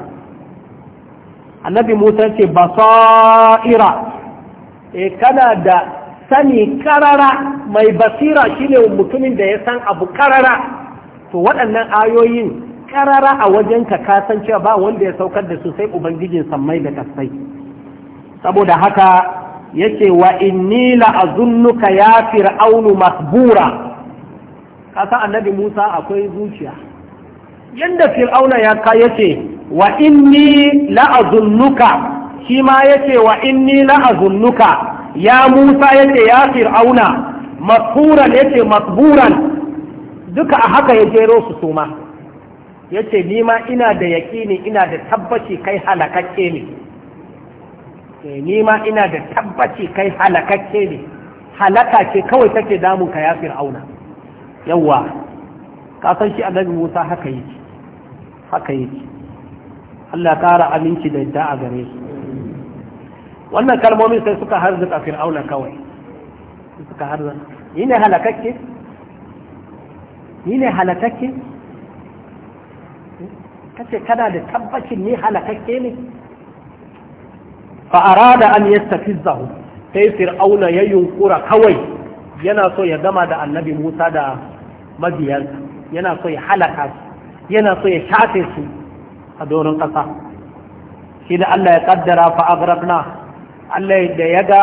annabi musa ce basaira e kana da sani karara mai basira shine mutumin da ya san abu karara to waɗannan ayoyin karara a wajen ka cewa ba wanda ya saukar da su sai ubangijin sammai da kasai saboda haka yace wa inni la azunnuka ya fir'aunu masbura kasa annabi Musa akwai zuciya yanda fir'auna ya ka yace wa inni la azunnuka shi ma yace wa inni la azunnuka ya musa ya ce ya fir'auna ya ce masburan duka a haka ya jero su suma yace ni ma ina da yaƙini ina da tabbaci kai halakakke ne eh, ni ina da tabbaci kai halakakke ne halaka ce kawai take damun ka ya fir'auna yawwa ka san shi annabi Musa haka yi. haka yi. Allah ƙara aminci da yadda a gare su wannan kalmomin sai suka harzuka fir'auna kawai suka harzuka ni ne halakakke ni ne halakakke kace kana da tabbacin ni halakakke ne fa arada an yastafizahu sai fir'auna ya yunkura kawai yana so ya gama da annabi Musa da mabiyan yana so ya halaka su yana so ya shafe su a doron kasa shi da Allah ya kaddara fa agrabna Allah da ya ga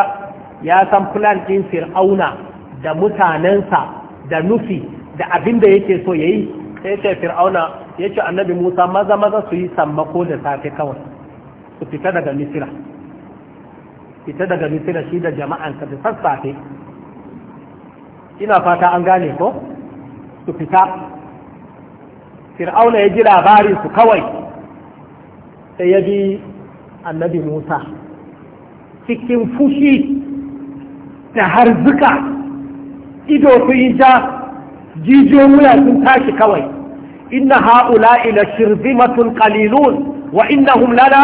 ya san plan ɗin fir'auna da mutanensa da nufi da abin da yake so ya yi sai ce fir'auna ya ce annabi musa maza maza su yi sammako da safe kawai su fita daga misira fita daga misira shi da jama'ansa da sassafe ina fata an gane ko su fita fir'auna ya ji labarin su kawai sai ya bi annabi musa cikin fushi da harzuka ido sun ja jijiyoyin wuya sun tashi kawai inna ha'ula ila shirzimatun qalilun wa innahum lana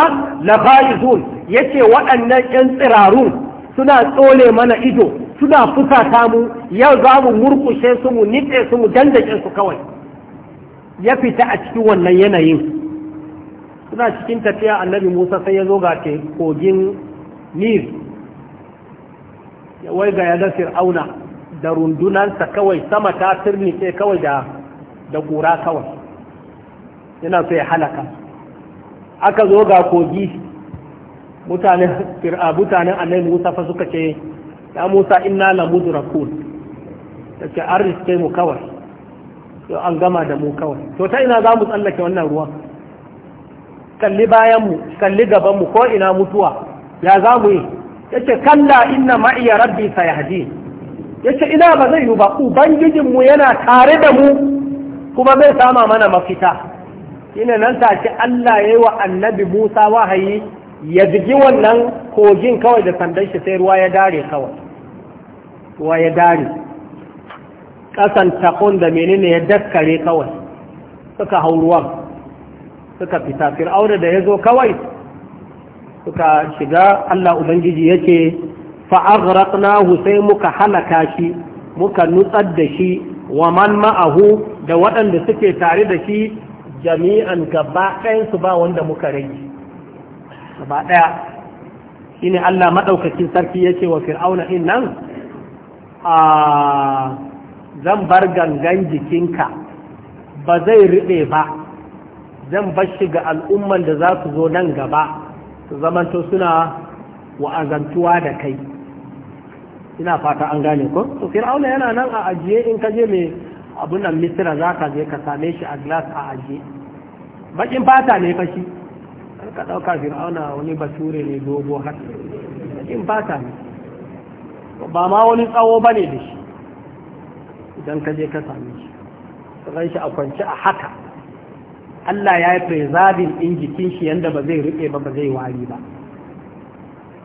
laghaizun yace waɗannan ƴan tsirarun suna tsole mana ido suna fusata mu yau za mu murkushe su mu nitse su mu dandake su kawai ya fita a cikin wannan yanayin suna cikin tafiya annabi Musa sai ya zo ga kogin nil wai ga yanar fir'auna da rundunansa kawai sama ta turnice kawai da ƙura kawai yana so ya halaka aka zo ga kogi mutanen fir'a mutanen annabi musa fa suka ce ya musa inna la mudrakun ta ce an riske mu kawai to an gama da mu kawai to ta ina za mu tsallake wannan ruwan kalli bayanmu kalli gabanmu ko ina mutuwa ya za mu yi Ya ce kalla inna ma'iya rabbi sayahdi ce ina ba zai yi ba ubangijin yana tare da mu kuma zai sama mana mafita ina nan ta ce Allah ya yi wa annabi Musa wahayi ya jigi wannan kogin kawai da sandan shi sai ruwa ya dare kawai ruwa ya dare kasan takon da menene ya daskare kawai suka hau ruwan suka fita fir'auna da ya zo kawai suka shiga Allah Ubangiji yake ce fa'aghraqnahu sai muka halaka shi muka nutsar da shi wa man ma'ahu da waɗanda suke tare da shi jami'an gaba ɗayansu ba wanda muka rage gaba ɗaya shi ne Allah maɗaukakin sarki yake wa fir'auna in nan zan bar gangan jikinka ba zai riɗe ba zan bar shi ga al'umman da za su zo nan gaba su zamanto suna wa'azantuwa da kai ina fata an gane ko to fir'auna yana nan a ajiye in ka je mai abun nan misira za ka je ka same shi a glass a ajiye bakin fata ne fashi ka ɗauka fir'auna wani basure ne dogo har bakin fata ne ba ma wani tsawo ba ne da shi idan ka je ka same shi ran shi a kwance a haka Allah ya yi preserving in jikin shi yadda ba zai riƙe ba ba zai wari ba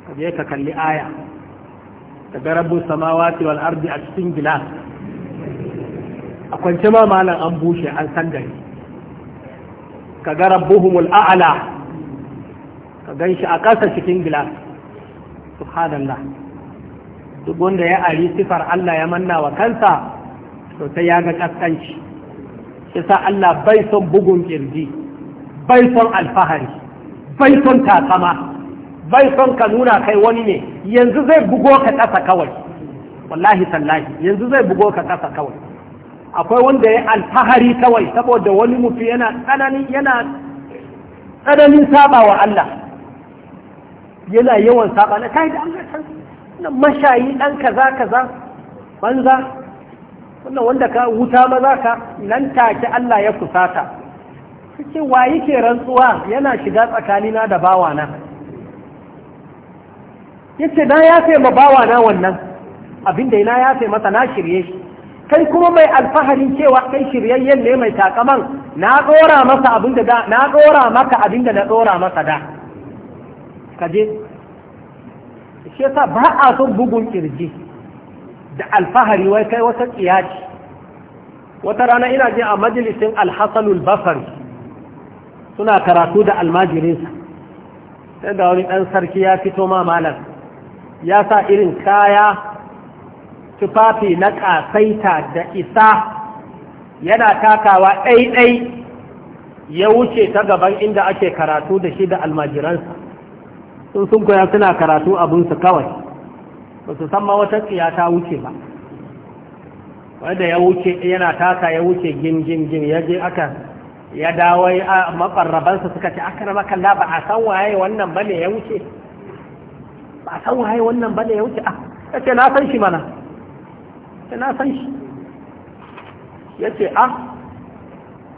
ka je ka kalli aya ka ga rabu samawa wal ardi a cikin gilas a kwance ma malam an bushe an sandare ka ga Humul a'ala ka gan shi a ƙasa cikin gilas subhanallah duk wanda ya ari sifar Allah ya manna wa kansa sosai ya ga ƙasƙanci. sa Allah bai son bugun kirji bai son alfahari bai son takama bai son ka nuna kai wani ne yanzu zai bugo ka ƙasa kawai wallahi tallahi yanzu zai bugo ka ƙasa kawai akwai wanda ya alfahari kawai saboda wani mutum yana tsananin yana tsananin saba wa Allah yana yawan saba na kai da Allah can mashayi dan kaza kaza banza wannan wanda ka wuta maza ka nan take Allah ya kusata ce wa yake rantsuwa yana shiga tsakanina da bawana yace na yafe ma bawana wannan abin da na yafe masa na shirye shi kai kuma mai alfaharin cewa kai shiryayyen ne mai takaman na dora masa abin da na dora maka abin da na dora masa da kaje shi yasa ba a son bugun kirji da alfahari wai kai wata tsiyaci wata rana ina je a majalisin alhassanul basari suna karatu da almajirinsa sai da wani ɗan sarki ya fito ma malam ya sa irin kaya tufafi na ƙasaita da isa yana takawa ɗaiɗai ya wuce ta gaban inda ake karatu da shi da almajiransa sun sun koya suna karatu abinsu kawai wato san ma wata tsiya ta wuce ba wanda ya wuce yana taka ya wuce gin-gin-gin, ya je aka ya dawo a makarrabansa suka ce aka rama kalla ba a san waye wannan bane ya wuce ba a san waye wannan bane ya wuce ah yace na san shi mana yace na san shi Yace ah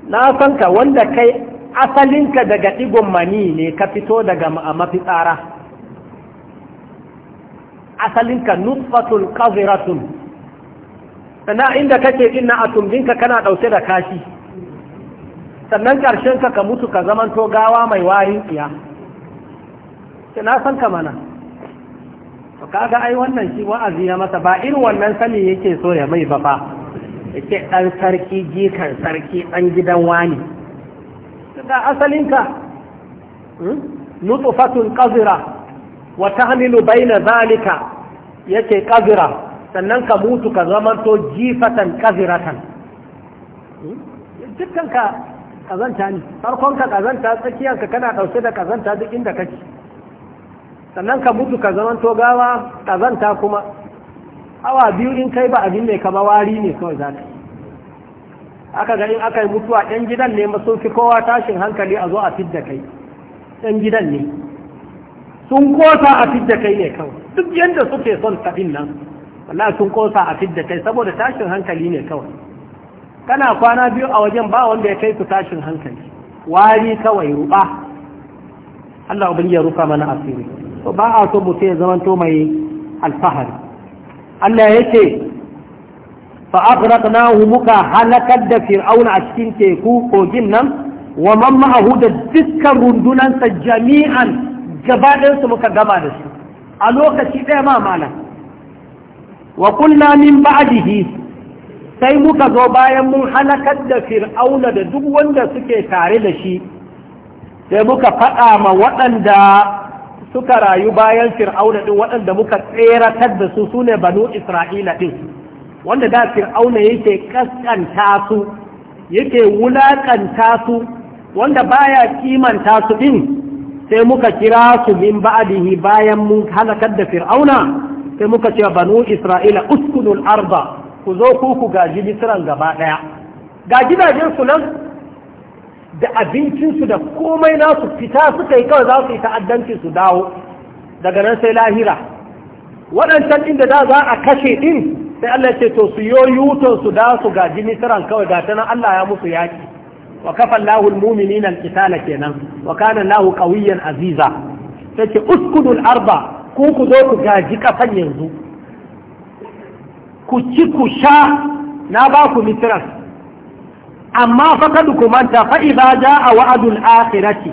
na san ka wanda kai asalinka daga digon mani ne ka fito daga mafitsara asalinka nutfatun qaziratun sannan inda kake inna a tumbinka kana ɗauke da kashi sannan ƙarshen ka ka mutu ka zamanto gawa mai warin iya. na san ka mana to kaga ai wannan shi wa'azi ya masa ba irin wannan sani yake so ya mai ba fa yake ɗan sarki jikan sarki ɗan gidan wani da asalinka hmm? nutfatun qazira wa tahmilu baina zalika yake kazira sannan ka mutu ka zamanto jifatan kaziratan hmm? dukkan ka kazanta ne farkon ka kazanta tsakiyar ka kana dauke da kazanta duk inda kake sannan ka mutu ka zamanto gawa kazanta kuma awa biyu in kai ba abin mai kama wari ne kawai za ta aka ga in aka yi mutuwa ɗan gidan ne sun fi kowa tashin hankali a zo a fidda kai ɗan gidan ne sun kosa a fidda kai ne kawai duk yadda suke son tafin nan wanda sun kosa a fidda kai saboda tashin hankali ne kawai kana kwana biyu a wajen ba wanda ya kai su tashin hankali wari kawai ruba Allah ubangiji ya rufa mana asiri so ba a so mutum ya to mai alfahari Allah ya ce fa na muka halakar da fir'auna a cikin teku kogin nan wa man ma'ahu da dukkan rundunansa jami'an gaba ɗayansu muka gaba da su a lokaci ɗaya ma mana wa kulla min ba'dihi sai muka zo bayan mun halakar da fir'auna da duk wanda suke tare da shi sai muka faɗa ma waɗanda suka rayu bayan fir'auna ɗin waɗanda muka tsera da su sune banu isra'ila ɗin wanda da fir'auna yake kaskanta su yake wulaƙanta su wanda baya kimanta su ɗin sai muka kira su min ba'dihi bayan mun halakar da fir'auna sai muka ce banu isra'ila uskunul arba ku zo ku ku gaji misran gaba daya ga gidajen su nan da abincin su da komai nasu fita suka yi kawai za su yi ta'addanci su dawo daga nan sai lahira waɗancan inda da za a kashe din sai Allah ce to su yoyuton su da su gaji misran kawai ga ta nan Allah ya musu yaki wa kafa Allahu al-mu'minina al kenan wa nahu Allahu aziza tace uskudun arba ku ku zo ku gaji kafan yanzu ku ci ku sha na ba ku mitras amma fa kada ku manta fa idza jaa wa'dul akhirati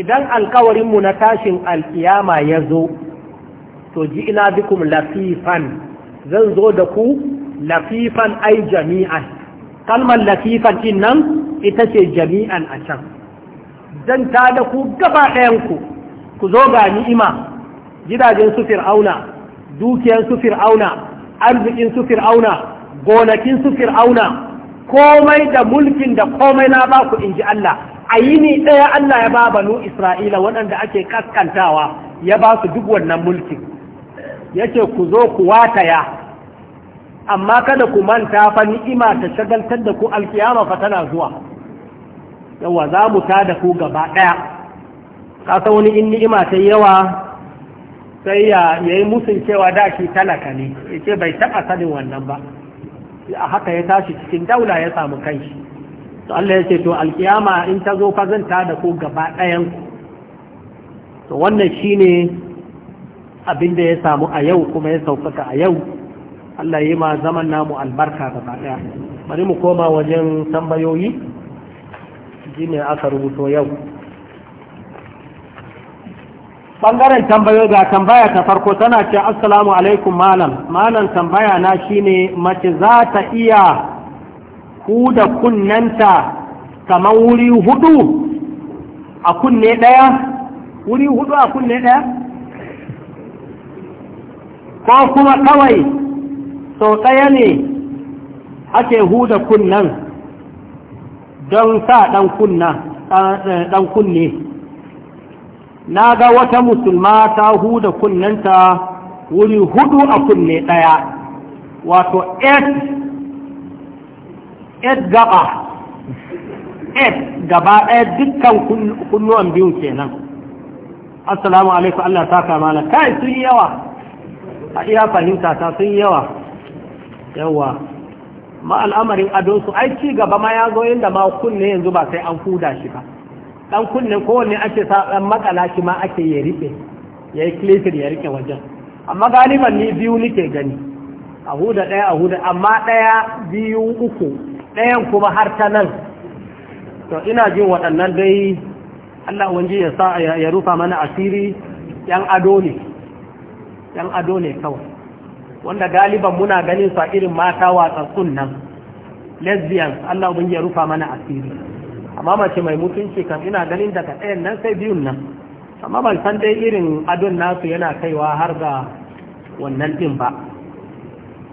idan alkawarin mu na tashin ya zo, to ji ina bikum lafifan zan zo da ku lafifan ai jami'an kalmar latifan din nan ita ce jami'an a can zan ta da ku gaba ɗayanku ku zo ga ni'ima gidajen su fir'auna dukiyar su fir'auna arzikin su fir'auna gonakin su fir'auna komai da mulkin da komai na ba ku in ji Allah a yi ni ɗaya Allah ya ba banu Isra'ila waɗanda ake kaskantawa ya ba su duk wannan mulkin yake ku zo ku wataya amma kada ku manta fa ni'ima ta shagaltar da ku alkiyama fa tana zuwa yawa za mu ta da ku gaba ɗaya ka san wani in ni'ima ta yawa sai ya yi musun cewa da shi talaka ne ya bai taɓa sanin wannan ba a haka ya tashi cikin daula ya samu kanshi to Allah ya ce to alkiyama in ta zo fa zan ta da ku gaba ɗayan to wannan shine abin da ya samu a yau kuma ya sauƙaƙa a yau Allah ya yi ma zaman namu albarka gaba daya bari mu koma wajen tambayoyi ji ne aka rubuto yau bangaren tambayo ga tambaya ta farko tana ce assalamu alaikum malam malam tambaya na shine mace za ta iya huda kunnanta kamar wuri hudu a kunne ɗaya? wuri hudu a kunne daya ko kuma kawai sau ɗaya ne ake huda kunnan don sa ɗan kunne na ga wata musulma ta huda kunnanta wuri hudu a kunne ɗaya wato 8 gaba 8 gaba ɗaya dukkan kunnuwan biyu kenan assalamu alaikum Allah ta kama na. kai sun yawa a iya fahimta ta sun yawa yawa ma al'amarin adonsu ai ci gaba ma ya zo inda ma kunne yanzu ba sai an huda shi ba dan kunne kowanne ake sa dan makala shi ma ake ya rike ya yi kilifin ya rike wajen amma galiban ni biyu nike gani a huda ɗaya a huda amma ɗaya biyu uku ɗayan kuma har ta nan to ina jin waɗannan dai Allah wanji ya sa ya rufa mana asiri yan ado ne yan ado ne kawai wanda galiban muna ganin su a irin mata watsassun nan lesbian Allah ubin ya rufa mana asiri amma mace mai mutunci kan ina ganin daga ɗayan nan sai biyun nan amma ban san dai irin adon nasu yana kaiwa har ga wannan ɗin ba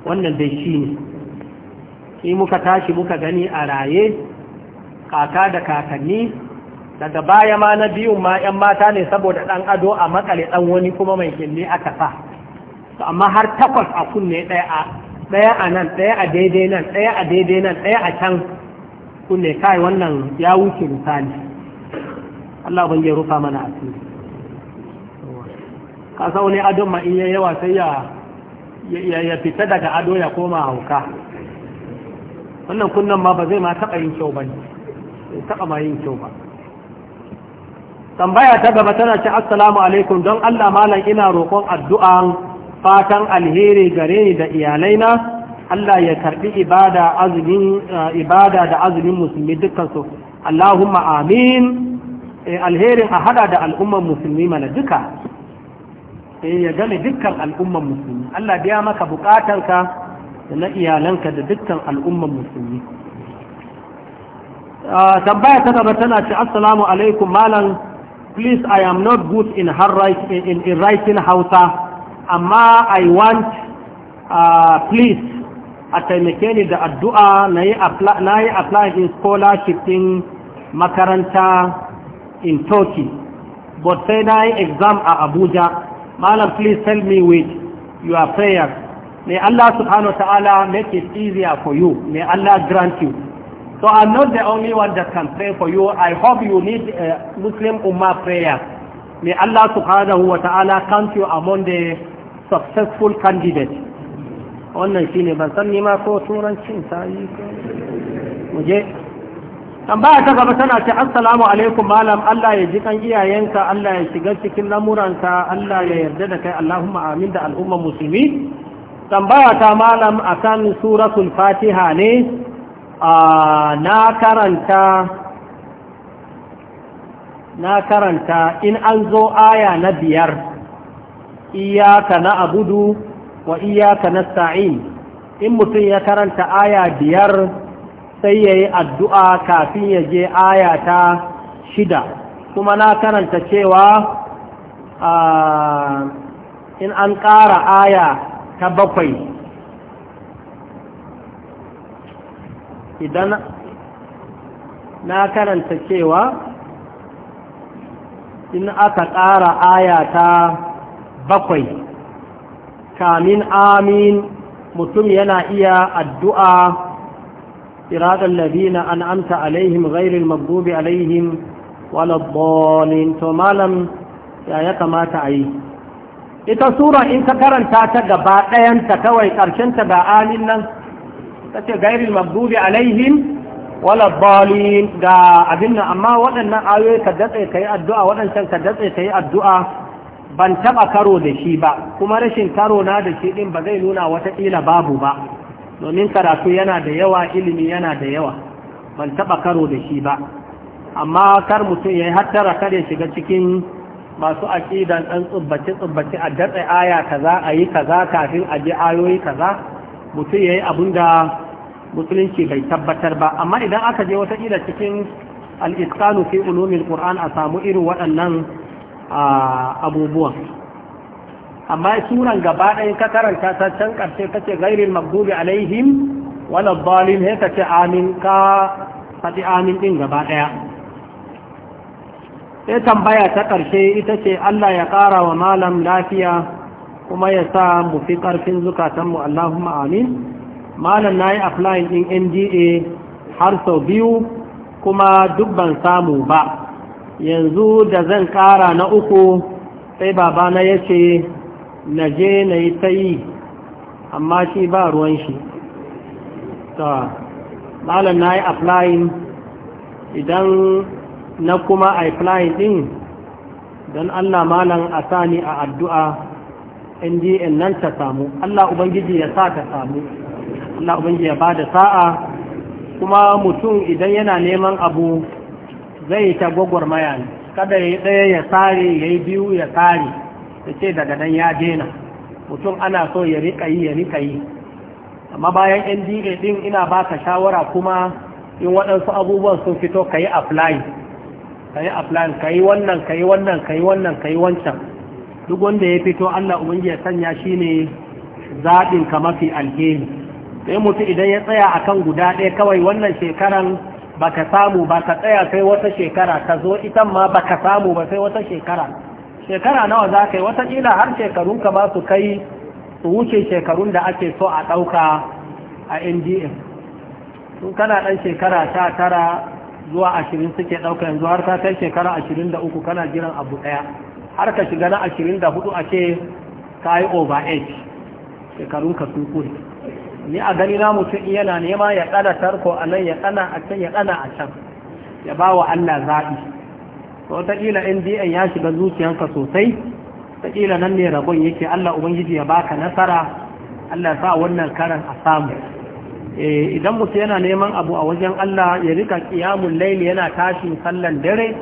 wannan dai shi ne shi muka tashi muka gani a raye kaka da kakanni daga baya ma na biyun ma 'yan mata ne saboda ɗan ado a makale ɗan wani kuma mai killi aka sa amma har takwas a kunne ɗaya a ɗaya a nan ɗaya a daidai nan ɗaya a daidai nan ɗaya a can kunne kai wannan ya wuce misali Allah ban ya rufa mana asiri ka sa wani adon ma in yawa sai ya ya fita daga ado ya koma hauka wannan kunnan ma ba zai ma taɓa yin kyau ba ne taɓa ma yin kyau ba tambaya ta gaba tana ce assalamu alaikum don Allah malam ina roƙon addu'an fatan alheri gare ni da iyalaina Allah ya karbi ibada azumin eh, ibada da azumin musulmi dukkan su Allahumma amin eh, alherin a hada da al'umman musulmi mana duka eh, ya gane dukkan al'umman musulmi Allah biya maka bukatanka da na iyalanka da dukkan al'umman musulmi ah, tambaya ta gaba tana ce assalamu alaikum malam please i am not good in writing hausa amma i want uh, please a taimake ni da addu'a na yi apply in scholarship in makaranta in turkey but sai na yi exam a abuja malam please tell me with your prayer may allah subhanahu wa ta'ala make it easier for you may allah grant you so i'm not the only one that can pray for you i hope you need a muslim ummah prayer May Allah subhanahu wa ta'ala count you among the successful candidates. Wannan shi ne ban san ma ko turancin ta yi muje. Tambaya ta gaba tana ce, Assalamu alaikum malam Allah ya ji kan iyayenka, Allah ya shiga cikin lamuranka, Allah ya yarda da kai Allahumma amin da musulmi. Tambaya ta malam akan suratul Fatiha ne, ah, na karanta na karanta in an zo aya na biyar iyaka na abudu wa iyaka na sa'in in mutum ya karanta aya biyar sai ya yi addu'a kafin ya je aya ta shida kuma na karanta cewa in an ƙara aya ta bakwai idan na karanta cewa in aka ƙara aya ta bakwai kamin amin mutum yana iya addu'a iradar labina an amta alaihim ghairil magdubi alaihim walabbalin to malam ya ya kamata a yi ita sura in ka karanta ta gaba ɗayanta kawai ƙarshenta ba amin nan ta ce ghairil magdubi alaihim wala balin ga abin nan amma waɗannan ayoyi ka datse ka yi addu'a waɗancan ka datse ka yi addu'a ban taɓa karo da shi ba kuma rashin karo na da shi ɗin ba zai nuna wata wataƙila babu ba domin karatu yana da yawa ilimi yana da yawa ban taɓa karo da shi ba amma kar mutum ya yi hattara kar ya shiga cikin masu aƙidan ɗan tsubbace-tsubbace a datse aya kaza a yi kaza kafin a je ayoyi kaza mutum ya yi abin da musulunci bai tabbatar ba amma idan aka je watakila cikin al'iskanu fi ulumin ƙur'an a samu irin waɗannan abubuwan amma sunan gaba ɗayan ka karanta ta can ƙarshe ka ce gairin magdubi alaihim wala balin sai ce amin ka faɗi amin ɗin gaba ɗaya sai tambaya ta ƙarshe ita ce allah ya ƙara wa malam lafiya kuma ya sa mu fi ƙarfin zukatanmu allahumma amin malam na yi applying ɗin nda har sau biyu kuma duk ban samu ba yanzu da zan ƙara na uku sai babana ya ce na je na yi ta yi amma shi ba ruwan shi ta malam na yi applying idan na kuma applying ɗin don allah malam a sani a addu'a ndn nan ta samu allah ubangiji ya sa ta samu Allah ubangi ya bada sa'a kuma mutum idan yana neman abu zai ta gwagwarmaya ne kada ya ɗaya ya tsare ya yi biyu ya tsare ya ce daga nan ya dena mutum ana so ya riƙa yi ya riƙa yi amma bayan nda ɗin ina baka shawara kuma in waɗansu abubuwan sun fito ka yi apply ka yi apply ka yi wannan ka yi wannan ka yi wannan ka yi wancan duk wanda ya fito allah ubangi ya sanya shi ne ka mafi alheri sai mutu idan ya tsaya a kan guda ɗaya kawai wannan shekaran baka samu ba ka tsaya sai wata shekara ka zo itan ma baka samu ba sai wata shekara shekara nawa za ka yi watakila har shekarun ka ba su kai su wuce shekarun da ake so a ɗauka a ndm sun kana ɗan shekara ta tara zuwa ashirin suke ɗauka yanzu har ka kai shekara ashirin da uku kana jiran abu ɗaya har ka shiga na ashirin da hudu ake ka yi over age shekarun ka sun kure ni a gani na mutum yana nema ya ɗada tarko a nan ya ɗana a can ya ɗana a can ya ba wa Allah zaɓi to wataƙila NDN ya shiga zuciyanka sosai wataƙila nan ne rabon yake Allah Ubangiji ya baka nasara Allah sa wannan karan a samu eh, idan mutum yana neman abu a wajen Allah ya rika ƙiyamun laili yana tashi sallan dare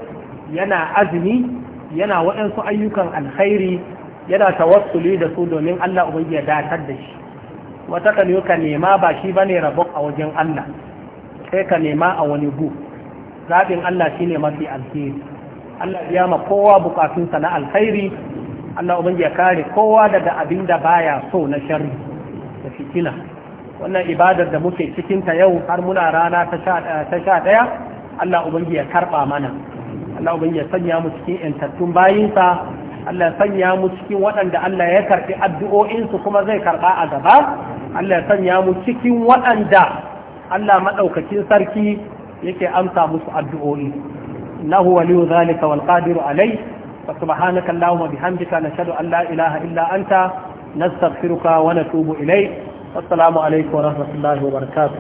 yana azumi yana waɗansu ayyukan alkhairi yana tawassuli da su domin Allah Ubangiji ya datar da shi wata ka ka nema ba shi ba ne rabon a wajen Allah sai ka nema a wani gu zaɓin Allah shi ne mafi alheri Allah ya ma kowa bukatunsa na alheri Allah ubangi ya kare kowa daga abin da baya so na sharri da fitina wannan ibadar da muke cikinta yau har muna rana ta sha ɗaya Allah ubangi ya karɓa mana Allah ubangi ya sanya mu cikin ‘yantattun bayinsa Allah ya sanya mu cikin waɗanda Allah ya karɓi addu'o'insu kuma zai karɓa a gaba Allah ya sanya mu cikin waɗanda Allah maɗaukakin sarki yake amsa musu addu'o'i innahu waliyu zalika wal qadiru alai fa subhanaka allahumma bihamdika nashhadu an la ilaha illa anta nastaghfiruka wa natubu ilayk assalamu alaikum wa rahmatullahi wa barakatuh